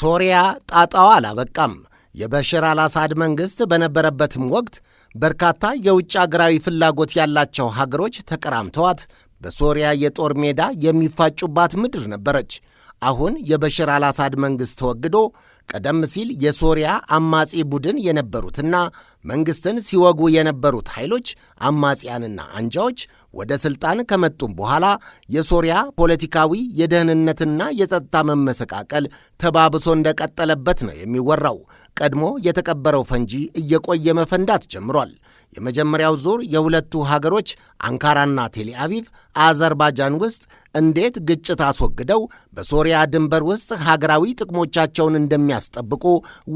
ሶሪያ ጣጣው አላበቃም። የበሽር አልአሳድ መንግሥት በነበረበትም ወቅት በርካታ የውጭ አገራዊ ፍላጎት ያላቸው ሀገሮች ተቀራምተዋት በሶሪያ የጦር ሜዳ የሚፋጩባት ምድር ነበረች። አሁን የበሽር አልአሳድ መንግሥት ተወግዶ ቀደም ሲል የሶሪያ አማጺ ቡድን የነበሩትና መንግሥትን ሲወጉ የነበሩት ኃይሎች አማጺያንና አንጃዎች ወደ ሥልጣን ከመጡም በኋላ የሶሪያ ፖለቲካዊ የደህንነትና የጸጥታ መመሰቃቀል ተባብሶ እንደቀጠለበት ነው የሚወራው። ቀድሞ የተቀበረው ፈንጂ እየቆየ መፈንዳት ጀምሯል። የመጀመሪያው ዙር የሁለቱ ሀገሮች አንካራና ቴሌአቪቭ አዘርባጃን ውስጥ እንዴት ግጭት አስወግደው በሶሪያ ድንበር ውስጥ ሀገራዊ ጥቅሞቻቸውን እንደሚያስጠብቁ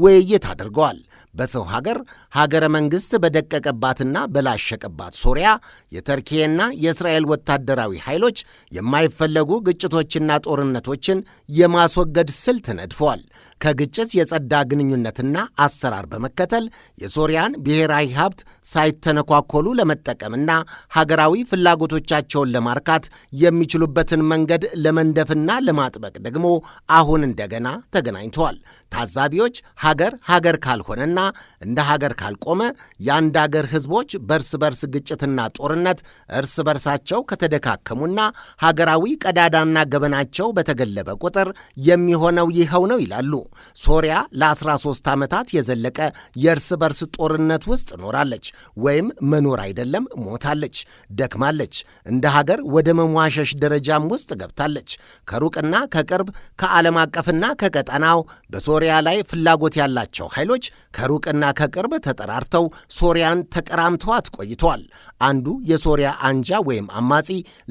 ውይይት አድርገዋል። በሰው ሀገር ሀገረ መንግሥት በደቀቀባትና በላሸቀባት ሶሪያ የተርኪዬና የእስራኤል ወታደራዊ ኃይሎች የማይፈለጉ ግጭቶችና ጦርነቶችን የማስወገድ ስልት ነድፈዋል። ከግጭት የጸዳ ግንኙነትና አሰራር በመከተል የሶሪያን ብሔራዊ ሀብት ሳይተነኳኮሉ ለመጠቀምና ሀገራዊ ፍላጎቶቻቸውን ለማርካት የሚችሉበት የሄደበትን መንገድ ለመንደፍና ለማጥበቅ ደግሞ አሁን እንደገና ተገናኝተዋል። ታዛቢዎች ሀገር ሀገር ካልሆነና እንደ ሀገር ካልቆመ የአንድ አገር ሕዝቦች በእርስ በርስ ግጭትና ጦርነት እርስ በርሳቸው ከተደካከሙና ሀገራዊ ቀዳዳና ገበናቸው በተገለበ ቁጥር የሚሆነው ይኸው ነው ይላሉ። ሶሪያ ለ13 ዓመታት የዘለቀ የእርስ በርስ ጦርነት ውስጥ ኖራለች፣ ወይም መኖር አይደለም ሞታለች፣ ደክማለች። እንደ ሀገር ወደ መሟሸሽ ደረጃ ጎዳም ውስጥ ገብታለች። ከሩቅና ከቅርብ ከዓለም አቀፍና ከቀጠናው በሶሪያ ላይ ፍላጎት ያላቸው ኃይሎች ከሩቅና ከቅርብ ተጠራርተው ሶሪያን ተቀራምተዋት ቆይተዋል። አንዱ የሶሪያ አንጃ ወይም አማጺ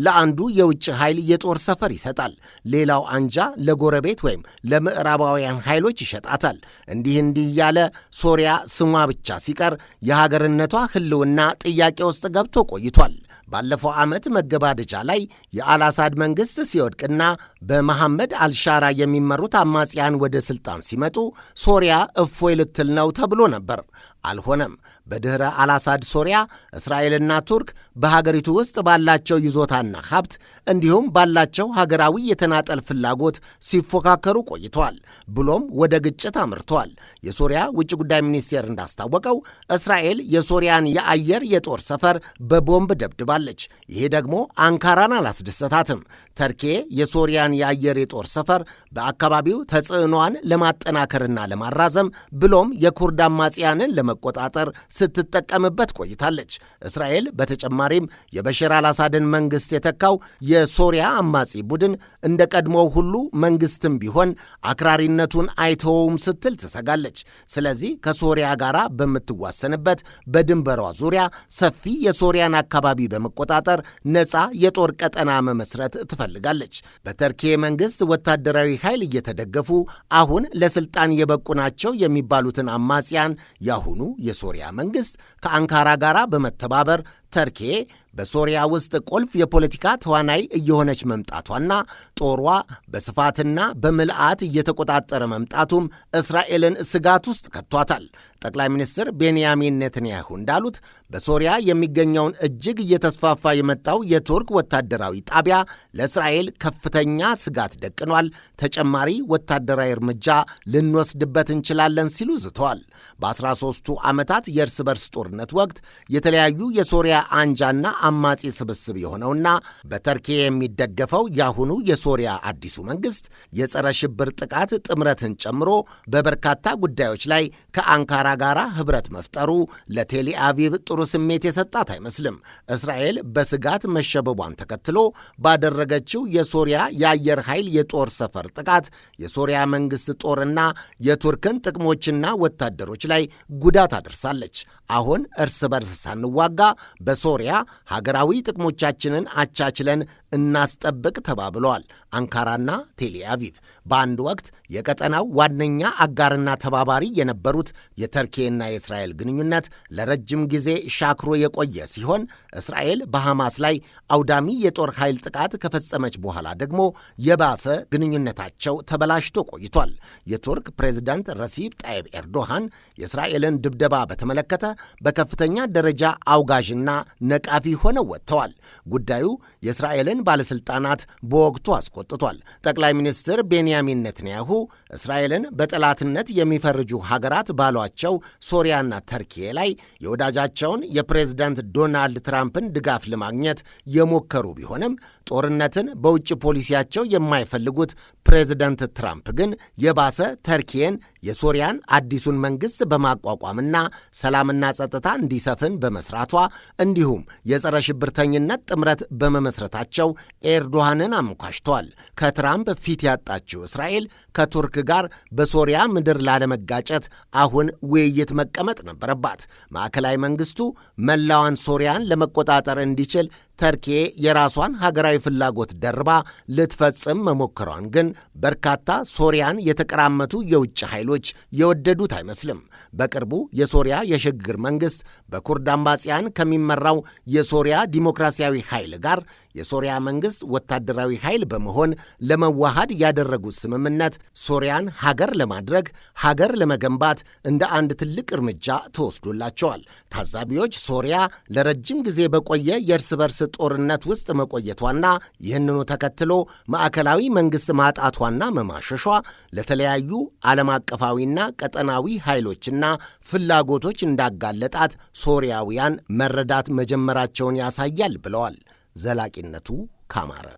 ለአንዱ የውጭ ኃይል የጦር ሰፈር ይሰጣል። ሌላው አንጃ ለጎረቤት ወይም ለምዕራባውያን ኃይሎች ይሸጣታል። እንዲህ እንዲህ እያለ ሶሪያ ስሟ ብቻ ሲቀር የሀገርነቷ ሕልውና ጥያቄ ውስጥ ገብቶ ቆይቷል። ባለፈው ዓመት መገባደጃ ላይ የአልአሳድ መንግሥት ሲወድቅና በመሐመድ አልሻራ የሚመሩት አማጽያን ወደ ሥልጣን ሲመጡ ሶሪያ እፎይ ልትል ነው ተብሎ ነበር። አልሆነም። በድኅረ አላሳድ ሶሪያ እስራኤልና ቱርክ በሀገሪቱ ውስጥ ባላቸው ይዞታና ሀብት እንዲሁም ባላቸው ሀገራዊ የተናጠል ፍላጎት ሲፎካከሩ ቆይተዋል፣ ብሎም ወደ ግጭት አምርተዋል። የሶሪያ ውጭ ጉዳይ ሚኒስቴር እንዳስታወቀው እስራኤል የሶሪያን የአየር የጦር ሰፈር በቦምብ ደብድባለች። ይሄ ደግሞ አንካራን አላስደሰታትም። ተርኬ የሶሪያን የአየር የጦር ሰፈር በአካባቢው ተጽዕኗን ለማጠናከርና ለማራዘም ብሎም የኩርድ አማጽያንን ለመ ለመቆጣጠር ስትጠቀምበት ቆይታለች። እስራኤል በተጨማሪም የበሽር አልአሳድን መንግሥት የተካው የሶሪያ አማጺ ቡድን እንደ ቀድሞው ሁሉ መንግሥትም ቢሆን አክራሪነቱን አይተወውም ስትል ትሰጋለች። ስለዚህ ከሶሪያ ጋር በምትዋሰንበት በድንበሯ ዙሪያ ሰፊ የሶሪያን አካባቢ በመቆጣጠር ነፃ የጦር ቀጠና መመስረት ትፈልጋለች። በተርኬ መንግሥት ወታደራዊ ኃይል እየተደገፉ አሁን ለስልጣን የበቁ ናቸው የሚባሉትን አማጽያን ያሁኑ የሶሪያ መንግሥት ከአንካራ ጋር በመተባበር ተርኬ በሶሪያ ውስጥ ቁልፍ የፖለቲካ ተዋናይ እየሆነች መምጣቷና ጦሯ በስፋትና በምልአት እየተቆጣጠረ መምጣቱም እስራኤልን ስጋት ውስጥ ከቷታል። ጠቅላይ ሚኒስትር ቤንያሚን ኔትንያሁ እንዳሉት በሶሪያ የሚገኘውን እጅግ እየተስፋፋ የመጣው የቱርክ ወታደራዊ ጣቢያ ለእስራኤል ከፍተኛ ስጋት ደቅኗል። ተጨማሪ ወታደራዊ እርምጃ ልንወስድበት እንችላለን ሲሉ ዝተዋል። በ13ቱ ዓመታት የእርስ በርስ ጦርነት ወቅት የተለያዩ የሶሪያ አንጃና አማጺ ስብስብ የሆነውና በተርኪ የሚደገፈው የአሁኑ የሶሪያ አዲሱ መንግስት የጸረ ሽብር ጥቃት ጥምረትን ጨምሮ በበርካታ ጉዳዮች ላይ ከአንካራ ጋር ህብረት መፍጠሩ ለቴሊአቪቭ ጥሩ ስሜት የሰጣት አይመስልም። እስራኤል በስጋት መሸበቧን ተከትሎ ባደረገችው የሶሪያ የአየር ኃይል የጦር ሰፈር ጥቃት የሶሪያ መንግስት ጦርና የቱርክን ጥቅሞችና ወታደሮች ላይ ጉዳት አደርሳለች። አሁን እርስ በርስ ሳንዋጋ በሶሪያ ሀገራዊ ጥቅሞቻችንን አቻችለን እናስጠብቅ ተባብለዋል አንካራና ቴሌአቪቭ በአንድ ወቅት የቀጠናው ዋነኛ አጋርና ተባባሪ የነበሩት የተርኬና የእስራኤል ግንኙነት ለረጅም ጊዜ ሻክሮ የቆየ ሲሆን እስራኤል በሐማስ ላይ አውዳሚ የጦር ኃይል ጥቃት ከፈጸመች በኋላ ደግሞ የባሰ ግንኙነታቸው ተበላሽቶ ቆይቷል። የቱርክ ፕሬዝዳንት ረሲብ ጣይብ ኤርዶሃን የእስራኤልን ድብደባ በተመለከተ በከፍተኛ ደረጃ አውጋዥና ነቃፊ ሆነው ወጥተዋል። ጉዳዩ የእስራኤልን ባለሥልጣናት በወቅቱ አስቆጥቷል። ጠቅላይ ሚኒስትር ቤንያሚን ነትንያሁ እስራኤልን በጠላትነት የሚፈርጁ ሀገራት ባሏቸው ሶሪያና ተርኪ ላይ የወዳጃቸውን የፕሬዝዳንት ዶናልድ ትራምፕን ድጋፍ ለማግኘት የሞከሩ ቢሆንም ጦርነትን በውጭ ፖሊሲያቸው የማይፈልጉት ፕሬዝደንት ትራምፕ ግን የባሰ ተርኪየን የሶሪያን አዲሱን መንግሥት በማቋቋምና ሰላምና ጸጥታ እንዲሰፍን በመስራቷ እንዲሁም የጸረ ሽብርተኝነት ጥምረት በመመስረታቸው ኤርዶሃንን አሞካሽተዋል። ከትራምፕ ፊት ያጣችው እስራኤል ከቱርክ ጋር በሶሪያ ምድር ላለመጋጨት አሁን ውይይት መቀመጥ ነበረባት። ማዕከላዊ መንግስቱ መላዋን ሶሪያን ለመቆጣጠር እንዲችል ተርኬ የራሷን ሀገራዊ ፍላጎት ደርባ ልትፈጽም መሞከሯን ግን በርካታ ሶሪያን የተቀራመቱ የውጭ ኃይሎች የወደዱት አይመስልም። በቅርቡ የሶሪያ የሽግግር መንግሥት በኩርድ አምባጽያን ከሚመራው የሶሪያ ዲሞክራሲያዊ ኃይል ጋር የሶሪያ መንግስት ወታደራዊ ኃይል በመሆን ለመዋሃድ ያደረጉት ስምምነት ሶሪያን ሀገር ለማድረግ ሀገር ለመገንባት እንደ አንድ ትልቅ እርምጃ ተወስዶላቸዋል። ታዛቢዎች ሶሪያ ለረጅም ጊዜ በቆየ የእርስ በርስ ጦርነት ውስጥ መቆየቷና ይህንኑ ተከትሎ ማዕከላዊ መንግስት ማጣቷና መማሸሿ ለተለያዩ ዓለም አቀፋዊና ቀጠናዊ ኃይሎችና ፍላጎቶች እንዳጋለጣት ሶሪያውያን መረዳት መጀመራቸውን ያሳያል ብለዋል። ዘላቂነቱ ካማረ